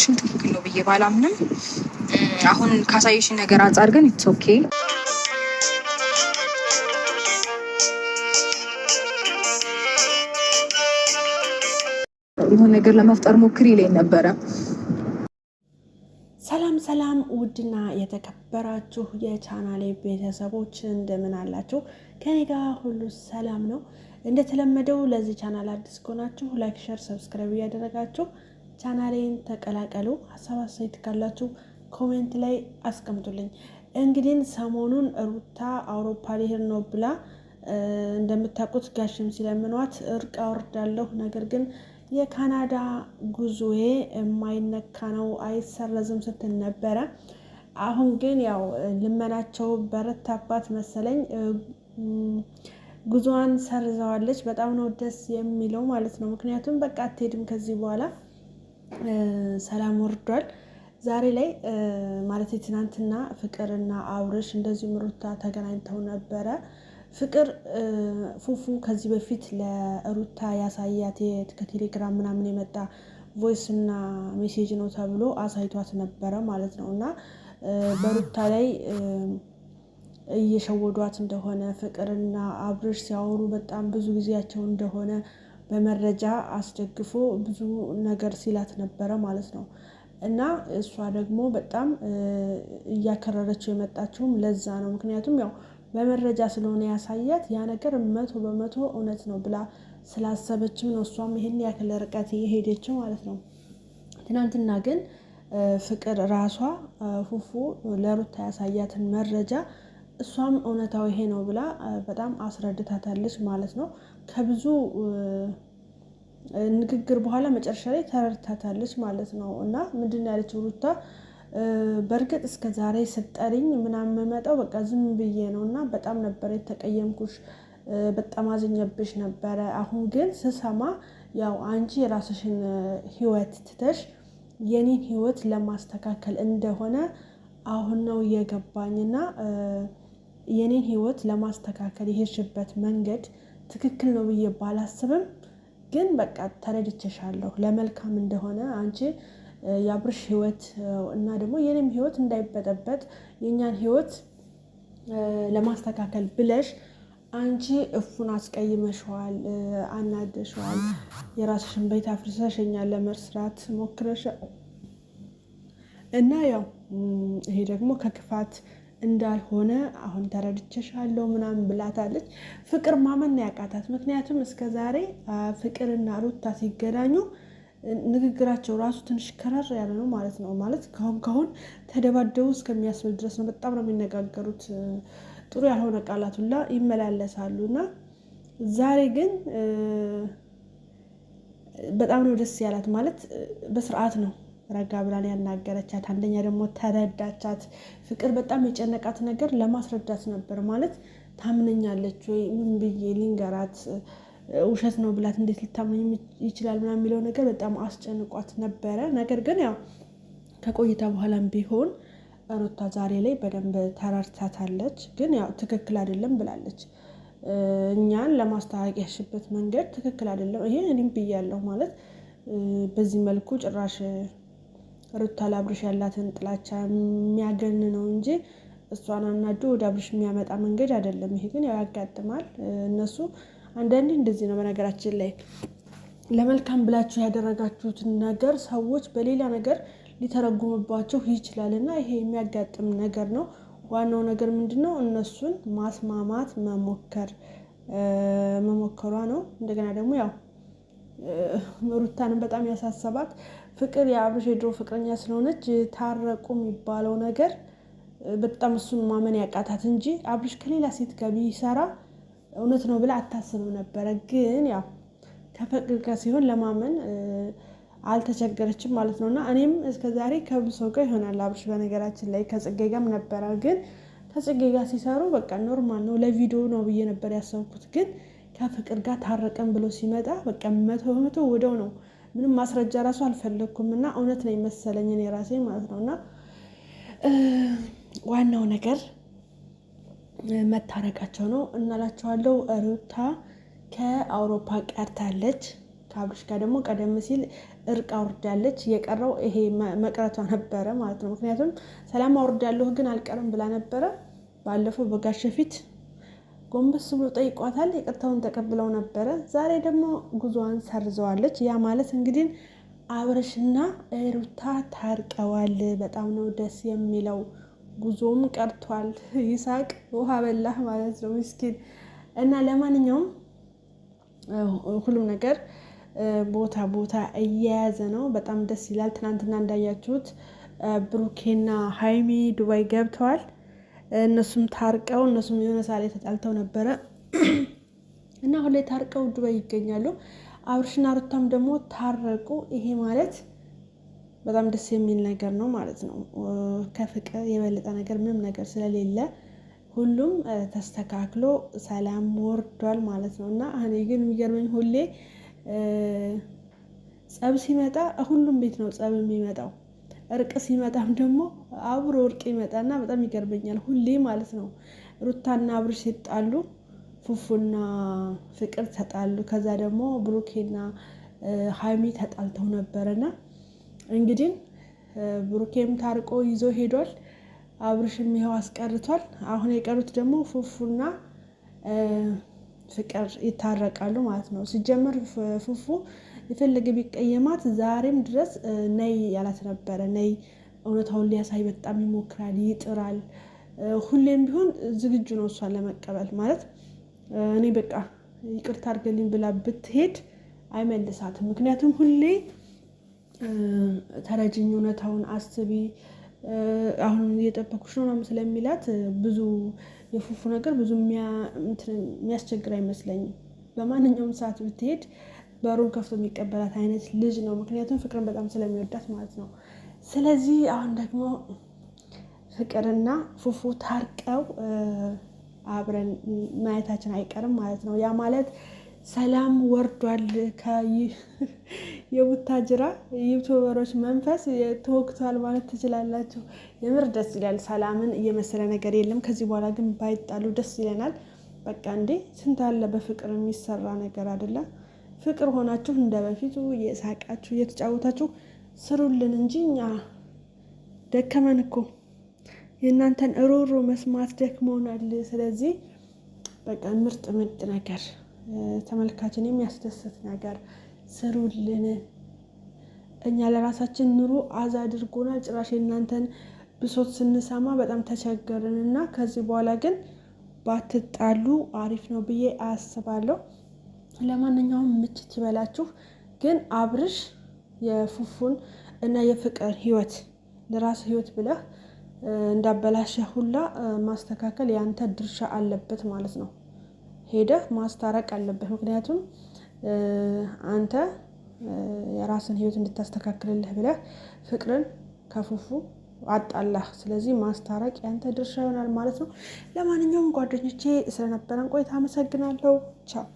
ሽን ትክክል ነው ብዬ ባላምንም አሁን ካሳየሽን ነገር አንጻር ግን ኢትስ ኦኬ። የሆነ ነገር ለመፍጠር ሞክር ይለኝ ነበረ። ሰላም ሰላም፣ ውድና የተከበራችሁ የቻናሌ ቤተሰቦች እንደምን አላችሁ? ከኔ ጋር ሁሉ ሰላም ነው። እንደተለመደው ለዚህ ቻናል አዲስ ከሆናችሁ ላይክ፣ ሸር፣ ሰብስክራይብ እያደረጋችሁ ቻናሌን ተቀላቀሉ። ሀሳብ አስተያየት ካላችሁ ኮሜንት ላይ አስቀምጡልኝ። እንግዲህ ሰሞኑን ሩታ አውሮፓ ሊሄድ ነው ብላ እንደምታውቁት ጋሽም ሲለምኗት እርቅ አወርዳለሁ፣ ነገር ግን የካናዳ ጉዞዬ የማይነካ ነው አይሰረዝም ስትል ነበረ። አሁን ግን ያው ልመናቸው በረታባት መሰለኝ ጉዞዋን ሰርዘዋለች። በጣም ነው ደስ የሚለው ማለት ነው። ምክንያቱም በቃ አትሄድም ከዚህ በኋላ ሰላም ወርዷል። ዛሬ ላይ ማለት ትናንትና ፍቅርና አብርሽ እንደዚሁም ሩታ ተገናኝተው ነበረ። ፍቅር ፉፉ ከዚህ በፊት ለሩታ ያሳያት ከቴሌግራም ምናምን የመጣ ቮይስ እና ሜሴጅ ነው ተብሎ አሳይቷት ነበረ ማለት ነው። እና በሩታ ላይ እየሸወዷት እንደሆነ ፍቅርና አብርሽ ሲያወሩ በጣም ብዙ ጊዜያቸው እንደሆነ በመረጃ አስደግፎ ብዙ ነገር ሲላት ነበረ ማለት ነው። እና እሷ ደግሞ በጣም እያከረረችው የመጣችውም ለዛ ነው። ምክንያቱም ያው በመረጃ ስለሆነ ያሳያት ያ ነገር መቶ በመቶ እውነት ነው ብላ ስላሰበችም ነው እሷም ይህን ያክል ርቀት የሄደችው ማለት ነው። ትናንትና ግን ፍቅር ራሷ ፉፉ ለሩታ ያሳያትን መረጃ እሷም እውነታው ይሄ ነው ብላ በጣም አስረድታታለች ማለት ነው። ከብዙ ንግግር በኋላ መጨረሻ ላይ ተረድታታለች ማለት ነው። እና ምንድን ያለችው ሩታ በእርግጥ እስከ ዛሬ ስጠሪኝ ምናምን የምመጣው በቃ ዝም ብዬ ነው እና በጣም ነበረ የተቀየምኩሽ፣ በጣም አዝኜብሽ ነበረ። አሁን ግን ስሰማ ያው አንቺ የራስሽን ህይወት ትተሽ የኔን ህይወት ለማስተካከል እንደሆነ አሁን ነው የገባኝና የኔን ህይወት ለማስተካከል የሄድሽበት መንገድ ትክክል ነው ብዬ ባላስብም ግን በቃ ተረድቸሻለሁ ለመልካም እንደሆነ አንቺ የአብርሽ ህይወት እና ደግሞ የኔም ህይወት እንዳይበጠበጥ የእኛን ህይወት ለማስተካከል ብለሽ አንቺ እፉን አስቀይመሸዋል፣ አናደሸዋል፣ የራስሽን ቤት አፍርሰሽ እኛን ለመስራት ሞክረሸ እና ያው ይሄ ደግሞ ከክፋት እንዳልሆነ አሁን ተረድቼሻለሁ ምናምን ብላታለች። ፍቅር ማመን ያቃታት፣ ምክንያቱም እስከ ዛሬ ፍቅርና ሩታ ሲገናኙ ንግግራቸው ራሱ ትንሽ ከረር ያለ ነው ማለት ነው። ማለት ካሁን ካሁን ተደባደቡ እስከሚያስብል ድረስ ነው። በጣም ነው የሚነጋገሩት። ጥሩ ያልሆነ ቃላት ሁላ ይመላለሳሉ እና ዛሬ ግን በጣም ነው ደስ ያላት ማለት በስርዓት ነው ረጋ ብላን ያናገረቻት፣ አንደኛ ደግሞ ተረዳቻት። ፍቅር በጣም የጨነቃት ነገር ለማስረዳት ነበር ማለት ታምነኛለች ወይ ምን ብዬ ሊንገራት ውሸት ነው ብላት እንዴት ሊታመኝ ይችላል ምናምን የሚለው ነገር በጣም አስጨንቋት ነበረ። ነገር ግን ያው ከቆይታ በኋላም ቢሆን ሩታ ዛሬ ላይ በደንብ ተረድታታለች። ግን ያው ትክክል አይደለም ብላለች። እኛን ለማስታወቅ ያሽበት መንገድ ትክክል አይደለም። ይሄ እኔም ብያለሁ ማለት በዚህ መልኩ ጭራሽ ሩታ ለአብርሽ ያላትን ጥላቻ የሚያገን ነው እንጂ እሷን አናዱ ወደ አብርሽ የሚያመጣ መንገድ አይደለም። ይሄ ግን ያው ያጋጥማል። እነሱ አንዳንዴ እንደዚህ ነው። በነገራችን ላይ ለመልካም ብላችሁ ያደረጋችሁትን ነገር ሰዎች በሌላ ነገር ሊተረጉምባቸው ይችላል እና ይሄ የሚያጋጥም ነገር ነው። ዋናው ነገር ምንድን ነው? እነሱን ማስማማት መሞከር መሞከሯ ነው። እንደገና ደግሞ ያው ሩታንም በጣም ያሳሰባት ፍቅር የአብርሽ የድሮ ፍቅረኛ ስለሆነች ታረቁ የሚባለው ነገር በጣም እሱን ማመን ያቃታት እንጂ አብርሽ ከሌላ ሴት ጋር ቢሰራ እውነት ነው ብላ አታስብም ነበረ። ግን ያው ከፍቅር ጋር ሲሆን ለማመን አልተቸገረችም ማለት ነው። እና እኔም እስከዛሬ ከብዙ ሰው ጋር ይሆናል አብርሽ በነገራችን ላይ ከጽጌ ጋርም ነበረ። ግን ከጽጌ ጋር ሲሰሩ በቃ ኖርማል ነው ለቪዲዮ ነው ብዬ ነበር ያሰብኩት ግን ከፍቅር ጋር ታረቀን ብሎ ሲመጣ በቃ መቶ በመቶ ወደው ነው። ምንም ማስረጃ ራሱ አልፈለግኩም እና እውነት ነው የመሰለኝ እኔ ራሴ ማለት ነው። እና ዋናው ነገር መታረቃቸው ነው እናላቸዋለው። ሩታ ከአውሮፓ ቀርታለች። ከአብርሽ ጋር ደግሞ ቀደም ሲል እርቅ አውርዳለች። የቀረው ይሄ መቅረቷ ነበረ ማለት ነው። ምክንያቱም ሰላም አውርዳለሁ ግን አልቀርም ብላ ነበረ ባለፈው በጋሸ ፊት ጎንበስ ብሎ ጠይቋታል። ይቅርታውን ተቀብለው ነበረ። ዛሬ ደግሞ ጉዞዋን ሰርዘዋለች። ያ ማለት እንግዲህ አብረሽና ሩታ ታርቀዋል። በጣም ነው ደስ የሚለው። ጉዞም ቀርቷል። ይሳቅ ውሃ በላህ ማለት ነው ምስኪን። እና ለማንኛውም ሁሉም ነገር ቦታ ቦታ እየያዘ ነው። በጣም ደስ ይላል። ትናንትና እንዳያችሁት ብሩኬና ሀይሚ ዱባይ ገብተዋል። እነሱም ታርቀው እነሱም የሆነ ላይ ተጣልተው ነበረ እና አሁን ላይ ታርቀው ዱባይ ይገኛሉ። አብርሽና ሩታም ደግሞ ታረቁ። ይሄ ማለት በጣም ደስ የሚል ነገር ነው ማለት ነው። ከፍቅር የበለጠ ነገር ምንም ነገር ስለሌለ ሁሉም ተስተካክሎ ሰላም ወርዷል ማለት ነው እና እኔ ግን የሚገርመኝ ሁሌ ጸብ ሲመጣ ሁሉም ቤት ነው ጸብ የሚመጣው እርቅ ሲመጣም ደግሞ አብሮ እርቅ ይመጣና በጣም ይገርመኛል ሁሌ ማለት ነው። ሩታና አብርሽ ሲጣሉ ፉፉና ፍቅር ተጣሉ። ከዛ ደግሞ ብሩኬና ሀይሚ ተጣልተው ነበረና እንግዲህ ብሩኬም ታርቆ ይዞ ሄዷል። አብርሽም ይኸው አስቀርቷል። አሁን የቀሩት ደግሞ ፉፉና ፍቅር ይታረቃሉ ማለት ነው። ሲጀመር ፉፉ የፈለገ ቢቀየማት ዛሬም ድረስ ነይ ያላት ነበረ። ነይ እውነታውን ሊያሳይ በጣም ይሞክራል፣ ይጥራል። ሁሌም ቢሆን ዝግጁ ነው እሷን ለመቀበል ማለት እኔ በቃ ይቅርታ አድርገልኝ ብላ ብትሄድ አይመልሳትም። ምክንያቱም ሁሌ ተረጅኝ፣ እውነታውን አስቢ፣ አሁን እየጠበኩሽ ነው ምናምን ስለሚላት ብዙ የፉፉ ነገር ብዙ የሚያስቸግር አይመስለኝም። በማንኛውም ሰዓት ብትሄድ በሩን ከፍቶ የሚቀበላት አይነት ልጅ ነው። ምክንያቱም ፍቅርን በጣም ስለሚወዳት ማለት ነው። ስለዚህ አሁን ደግሞ ፍቅርና ፉፉ ታርቀው አብረን ማየታችን አይቀርም ማለት ነው። ያ ማለት ሰላም ወርዷል። የቡታጅራ ዩቱበሮች መንፈስ ተወክቷል ማለት ትችላላችሁ። የምር ደስ ይላል። ሰላምን እየመሰለ ነገር የለም። ከዚህ በኋላ ግን ባይጣሉ ደስ ይለናል። በቃ እንዴ ስንት አለ በፍቅር የሚሰራ ነገር አይደለም። ፍቅር ሆናችሁ እንደ በፊቱ እየሳቃችሁ እየተጫወታችሁ ስሩልን እንጂ እኛ ደከመን እኮ የእናንተን እሮሮ መስማት ደክሞናል። ስለዚህ በቃ ምርጥ ምርጥ ነገር ተመልካችን የሚያስደስት ነገር ስሩልን። እኛ ለራሳችን ኑሮ አዛ አድርጎናል። ጭራሽ የእናንተን ብሶት ስንሰማ በጣም ተቸገርን እና ከዚህ በኋላ ግን ባትጣሉ አሪፍ ነው ብዬ አስባለሁ። ለማንኛውም ምችት ይበላችሁ። ግን አብርሽ የፉፉን እና የፍቅር ህይወት ለራስ ህይወት ብለህ እንዳበላሸ ሁላ ማስተካከል የአንተ ድርሻ አለበት ማለት ነው። ሄደህ ማስታረቅ አለበት። ምክንያቱም አንተ የራስን ህይወት እንድታስተካክልልህ ብለህ ፍቅርን ከፉፉ አጣላህ። ስለዚህ ማስታረቅ ያንተ ድርሻ ይሆናል ማለት ነው። ለማንኛውም ጓደኞቼ ስለነበረን ቆይታ አመሰግናለሁ። ቻው